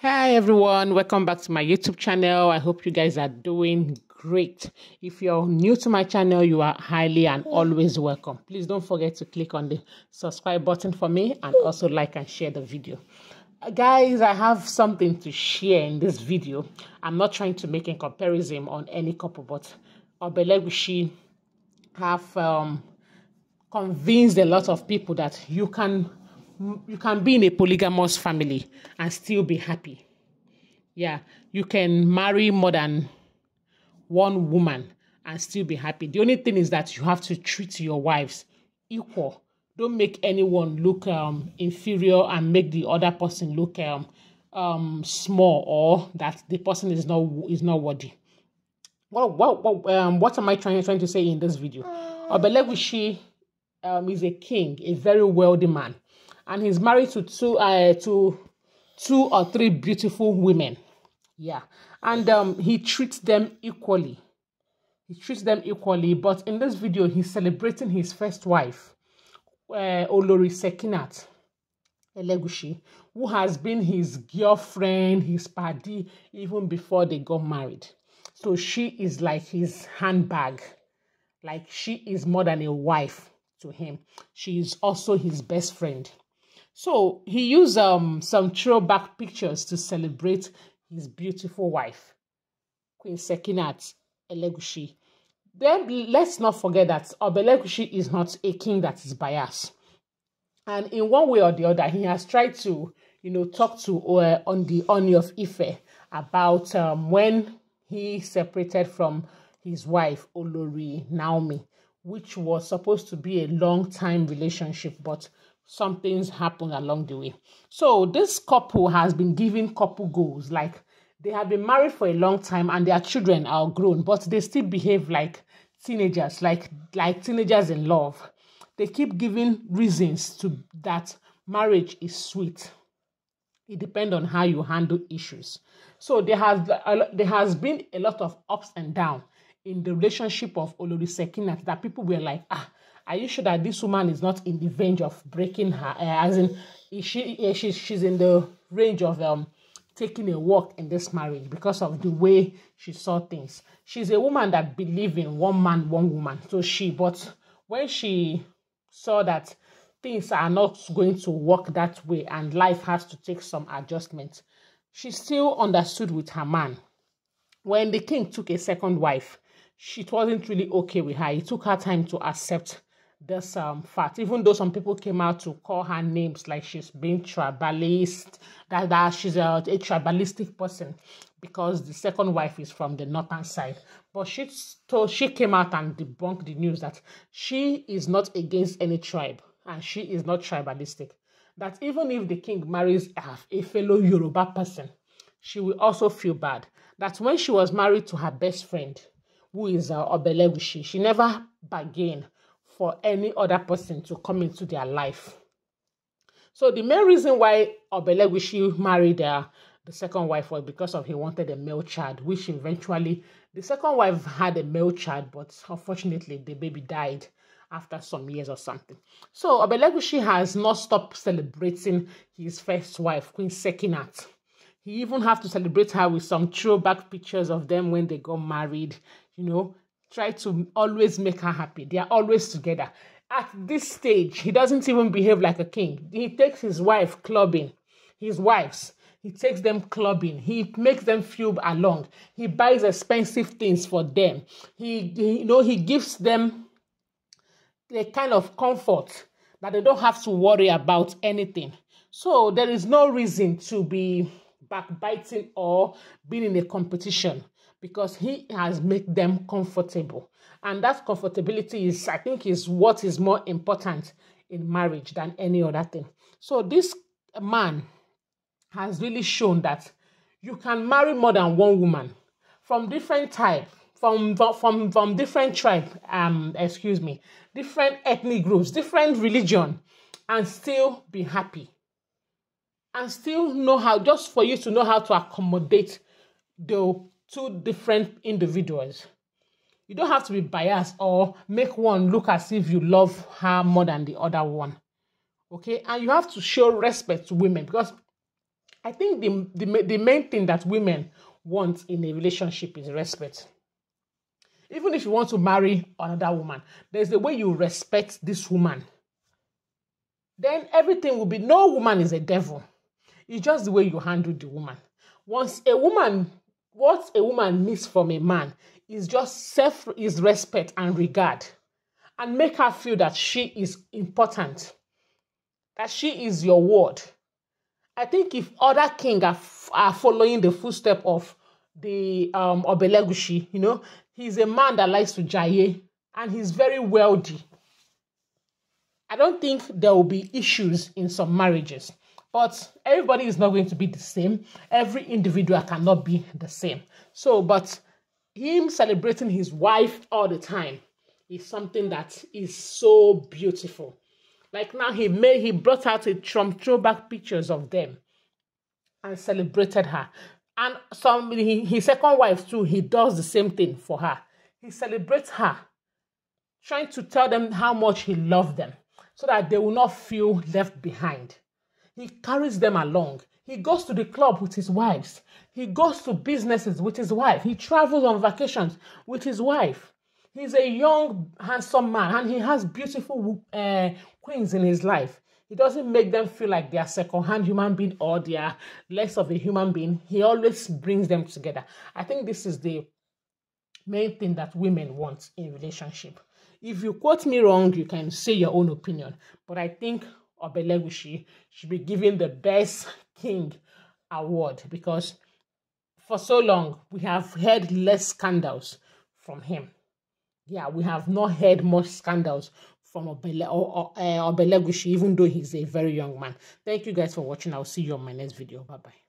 Hi everyone, welcome back to my YouTube channel. I hope you guys are doing great. If you're new to my channel, you are highly and always welcome. Please don't forget to click on the subscribe button for me and also like and share the video. Uh, guys, I have something to share in this video. I'm not trying to make a comparison on any couple, but Obelegushi have um, convinced a lot of people that you can you can be in a polygamous family and still be happy. Yeah, you can marry more than one woman and still be happy. The only thing is that you have to treat your wives equal. Don't make anyone look um, inferior and make the other person look um, um, small or that the person is not is not worthy. Well, what um, what am I trying trying to say in this video? Uh. Obelegushi um, is a king, a very wealthy man and he's married to two uh, to two or three beautiful women yeah and um, he treats them equally he treats them equally but in this video he's celebrating his first wife uh, olori sekinat elegushi who has been his girlfriend his buddy even before they got married so she is like his handbag like she is more than a wife to him she is also his best friend so he used um, some throwback pictures to celebrate his beautiful wife, Queen Sekinat Elegushi. Then let's not forget that Obelegushi is not a king that is biased. And in one way or the other, he has tried to, you know, talk to uh, on the Oni of Ife about um, when he separated from his wife, Olori Naomi, which was supposed to be a long-time relationship, but something's happened along the way. So this couple has been given couple goals. Like they have been married for a long time and their children are grown, but they still behave like teenagers, like like teenagers in love. They keep giving reasons to that marriage is sweet. It depends on how you handle issues. So there has there has been a lot of ups and downs in the relationship of Olorisekina that people were like, ah, are you sure that this woman is not in the range of breaking her? Uh, as in, is she is eh, she, she's in the range of um taking a walk in this marriage because of the way she saw things. She's a woman that believe in one man, one woman. So she, but when she saw that things are not going to work that way and life has to take some adjustment, she still understood with her man. When the king took a second wife, she wasn't really okay with her. It took her time to accept this um, fact, even though some people came out to call her names like she's being tribalist, that, that she's a, a tribalistic person because the second wife is from the northern side. But she told, she came out and debunked the news that she is not against any tribe and she is not tribalistic. That even if the king marries a fellow Yoruba person, she will also feel bad. That when she was married to her best friend, who is uh, Obelegushi, she never bargained for any other person to come into their life. So the main reason why Obelegushi married uh, the second wife was because of he wanted a male child, which eventually the second wife had a male child, but unfortunately the baby died after some years or something. So Obelegushi has not stopped celebrating his first wife, Queen Sekinat. He even have to celebrate her with some throwback pictures of them when they got married. You know, try to always make her happy. They are always together. At this stage, he doesn't even behave like a king. He takes his wife clubbing, his wives. He takes them clubbing. He makes them feel along. He buys expensive things for them. He, he you know, he gives them a kind of comfort that they don't have to worry about anything. So there is no reason to be backbiting or being in a competition because he has made them comfortable. And that comfortability is, I think, is what is more important in marriage than any other thing. So this man has really shown that you can marry more than one woman from different type, from from from different tribe, um, excuse me, different ethnic groups, different religion, and still be happy. And still know how, just for you to know how to accommodate the two different individuals. You don't have to be biased or make one look as if you love her more than the other one. Okay, and you have to show respect to women because I think the, the, the main thing that women want in a relationship is respect. Even if you want to marry another woman, there's the way you respect this woman. Then everything will be no woman is a devil. It's just the way you handle the woman. Once a woman what a woman needs from a man is just self is respect and regard and make her feel that she is important that she is your word i think if other king are, are following the footstep of the um obelegushi you know he's a man that likes to jaye and he's very wealthy i don't think there will be issues in some marriages But everybody is not going to be the same. Every individual cannot be the same. So, but him celebrating his wife all the time is something that is so beautiful. Like now, he made he brought out a Trump throwback pictures of them and celebrated her. And some he, his second wife too, he does the same thing for her. He celebrates her, trying to tell them how much he loved them, so that they will not feel left behind. He carries them along. He goes to the club with his wives. He goes to businesses with his wife. He travels on vacations with his wife. He's a young, handsome man and he has beautiful uh, queens in his life. He doesn't make them feel like they are second-hand human being or they are less of a human being. He always brings them together. I think this is the main thing that women want in relationship. If you quote me wrong, you can say your own opinion. But I think Bellegushi should be given the Best King award because for so long we have heard less scandals from him. Yeah, we have not heard much scandals from Obele or, or uh, even though he's a very young man. Thank you guys for watching. I'll see you on my next video. Bye bye.